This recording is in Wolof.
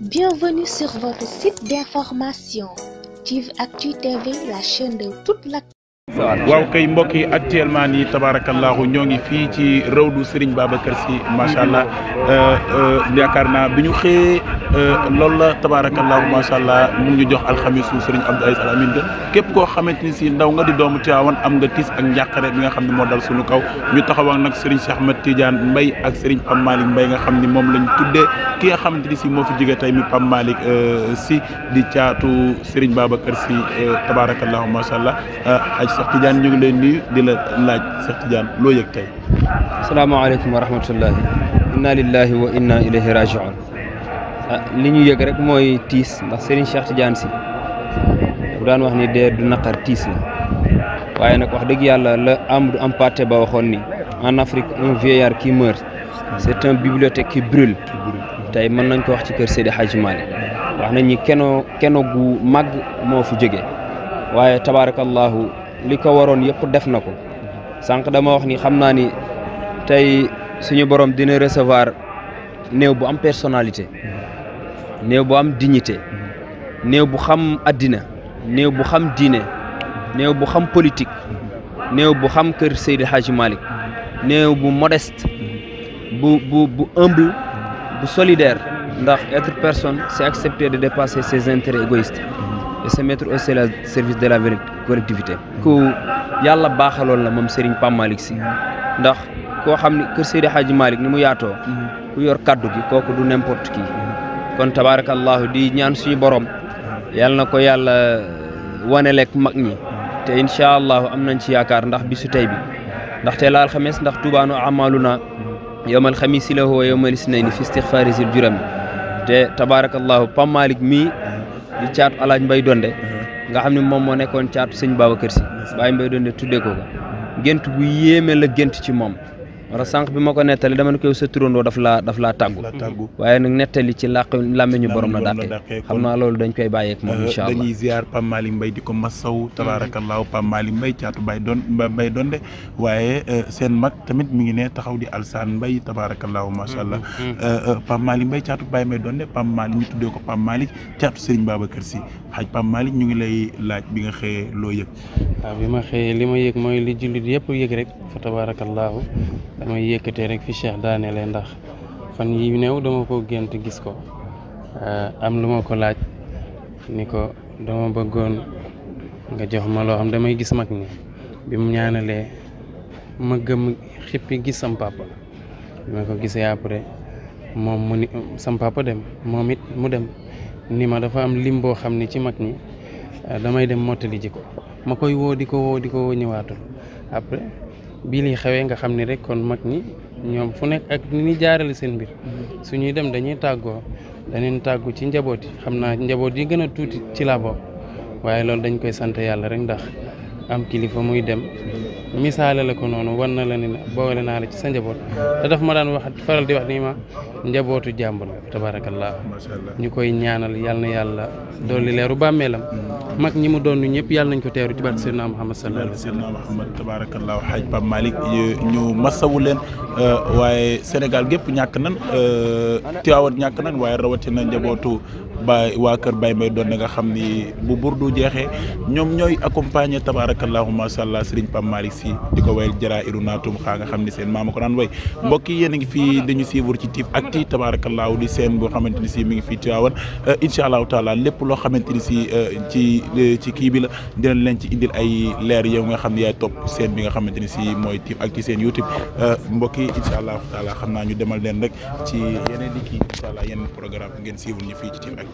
Bienvenue sur votre site d'information, Tiv Actu TV, la chaîne de toute l'actu waaw kay mbokk yi actuellement nii tabaarakallaahu ñoo ngi fii ci rawdu Serigne Babacar Sy macha allah euh, euh, yaakaar naa bi ñu xëyee euh, loolu la tabaarakallaahu macha allah mu ngi ñu jox alxamisu Serigne Abdou Aziz Al Amine képp koo xamante ni si ndaw nga di doomu Tiwaawan am nga tiis ak njàqare bi nga xam ne moo dal suñu kaw ñu taxaw nag Serigne Cheikh ma Tidiane mbay ak Serigne Pam mbay Mbaye nga xam ni moom lañ tuddee ki nga xamante ni si moo fi jóge tey mi Pam Malick Sy di caatu Serigne Babacar Sy tabaarakallaahu macha allah Cheikh Tidiane ñu ngi leen nuyu di la laaj Cheikh Tidiane loo yëg tey. salaamaaleykum wa rahmatullahi inna lillahi wa inna ilayhi rajiun ah, li ñu yëg rek mooy tiis ndax Serigne Cheikh Tidiane si bu daan wax ni dee du naqar tiis la waaye nag wax dëgg yàlla la Amadou Hampâté Ba waxoon ni en Afrique un vieillard qui meurt c'est un bibliothèque qui brûle tey mën nañ ko wax ci kër Seydi Hadji Malick wax nañ ni keno keno gu màgg moo fi jóge waaye tabarakallahu li ko waroon yëpp def na ko sànq dama wax ni xam naa ni tey suñu borom dina recevoir néew bu am personnalité néew bu am dignité néew bu xam addina néew bu xam diine néew bu xam politique néew bu xam kër Seydi Hadji Malick néew bu modeste bu bu bu humble bu solidaire ndax être personne c'est accepter de dépasser ses intérêts égoïstes et se mettre au service de la collectivité. ku yàlla baaxaloon na moom Serigne Pape Malick si ndax koo xam ne kër Seydi Hadji Malick ni mu yaatoo ku yor kaddu gi kooku du n'importe qui kon tabarakallahu di ñaan suñu borom yàlla na ko yàlla wane waneleeg mag ñi te incha allahu am nañ ci yaakaar ndax bisu tey bi ndaxte laal xames ndax tubaanu amaluna yowmal xamis si la woo yowmal isnayni fi istixfaari sil juram te tabarakallahu Pape Malick mii di caatu alaaj mbay donde uh-huh. nga xam ne moom moo nekkoon caatu sëñ Babacar Si Baay mbay donde tuddee ko ko gént gu yéeme la gént ci moom wala sànq bi ma ko nettali dama ne koy sa turandoo daf laa daf laa tàggu waaye nag nettali ci làq làmmiñu borom la dàqee xam na loolu dañ koy bàyyeek moom euh, incha allah dañuy ziar Pape Malick Mbaye di ko masaw mhm. tabaarakallaahu Pape Malick Mbaye caatu bay doon bay donde waaye euh, seen mag tamit mi ngi ne taxaw di alsaan Mbaye tabaarakallaahu macha allah mhm. Mhm. Euh, Pape Malick Mbaye caatu bay may donde Pape Malick ñu tuddee ko Pape Malick caatu Serigne Babacar si xaaj Pape Malick ñu ngi lay laaj bi nga xëyee loo yëg waaw ah, bi ma xëyee li ma yëg mooy li jullit yëpp yëg rek fa tabaarakallaahu damay yëkkatee rek fi Cheikh daane lee ndax fan yi new dama ko gént gis ko eh, am lu ma ko laaj ni ko dama bëggoon nga jox ma loo xam damay gis mag ñi bi mu ñaanalee ma gëm xippi gis sam papa bi ma ko gisee après moom mu ni sam dem moom it mu dem ni ma dafa am lim boo xam ne ci mag ñi eh, damay dem mottali ji ko ma koy woo di ko woo di ko woo ñëwaatul après bii lii xewee nga xam ni rek kon mag ñi ñoom fu nekk ak ni ñuy jaarale seen mbir mm-hmm. ñuy dem dañuy tàggoo dañuy tàggu ci njaboot yi xam naa njaboot yi gën a tuuti ci laa waaye loolu dañ koy sant yàlla rek ndax am kilifa muy dem misaale la ko noonu wan na la ne boole naa la ci sa njaboot te daf ma daan wax faral di wax nii ma njabootu jàmbur tabaarakallaahu ñu koy ñaanal yal na yàlla dolli leeru bàmmeelam mag ñi mu doon ñëpp yàlla nañ ko teeru ci am am barke Seydina Muhammad sallallahu alayhi wa sallam Muhammad tabaarakallaahu Xaaj Pape Malick ñu masawu leen euh, waaye Sénégal gépp ñàkk nan euh, Tiwaawan ñàkk nan waaye rawatina njabootu Baye waa kër Baye may doon na nga xam ni bu burdu jeexee ñoom ñooy accompagner tabaarakallaahu macha allah Serigne Pape Malick Sy di ko wayal Jara Iru Naatum xaa nga xam ni seen maama ko daan way mbokk yi yéen a ngi fii dañu suivre ci Tivactu tabaarakallaahu di seen boo xamante ni si mi ngi fii Tiwaawan euh, incha allahu taala lépp loo xamante ni si euh, ci euh, ci kii bi la dinañ leen ci indil ay leer yow nga xam ne yaay topp seen bi nga xamante ni si mooy Tivactu seen YouTube mbokk yi incha allahu taala xam naa ñu demal leen rek ci yeneen di kii incha allah yeneen programme ngeen suivre ñu fii ci Tivactu